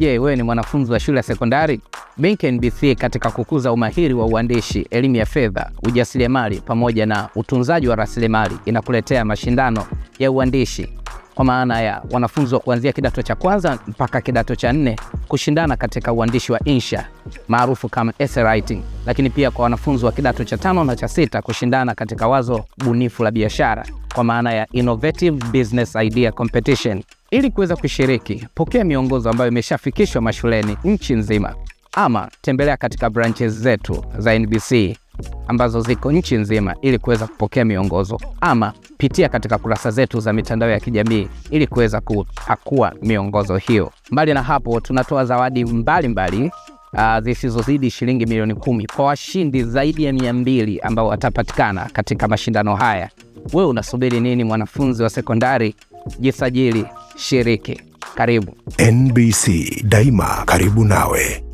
Je, wewe ni mwanafunzi wa shule ya sekondari? Benki NBC katika kukuza umahiri wa uandishi, elimu ya fedha, ujasiriamali pamoja na utunzaji wa rasilimali inakuletea mashindano ya uandishi kwa maana ya wanafunzi wa kuanzia kidato cha kwanza mpaka kidato cha nne kushindana katika uandishi wa insha maarufu kama essay writing, lakini pia kwa wanafunzi wa kidato cha tano na cha sita kushindana katika wazo bunifu la biashara kwa maana ya innovative business idea competition. Ili kuweza kushiriki, pokea miongozo ambayo imeshafikishwa mashuleni nchi nzima, ama tembelea katika branches zetu za NBC ambazo ziko nchi nzima ili kuweza kupokea miongozo, ama pitia katika kurasa zetu za mitandao ya kijamii ili kuweza kupakua miongozo hiyo. Mbali na hapo, tunatoa zawadi mbalimbali uh, zisizozidi shilingi milioni kumi kwa washindi zaidi ya mia mbili ambao watapatikana katika mashindano haya. Wewe unasubiri nini, mwanafunzi wa sekondari? Jisajili shiriki. Karibu NBC, daima karibu nawe.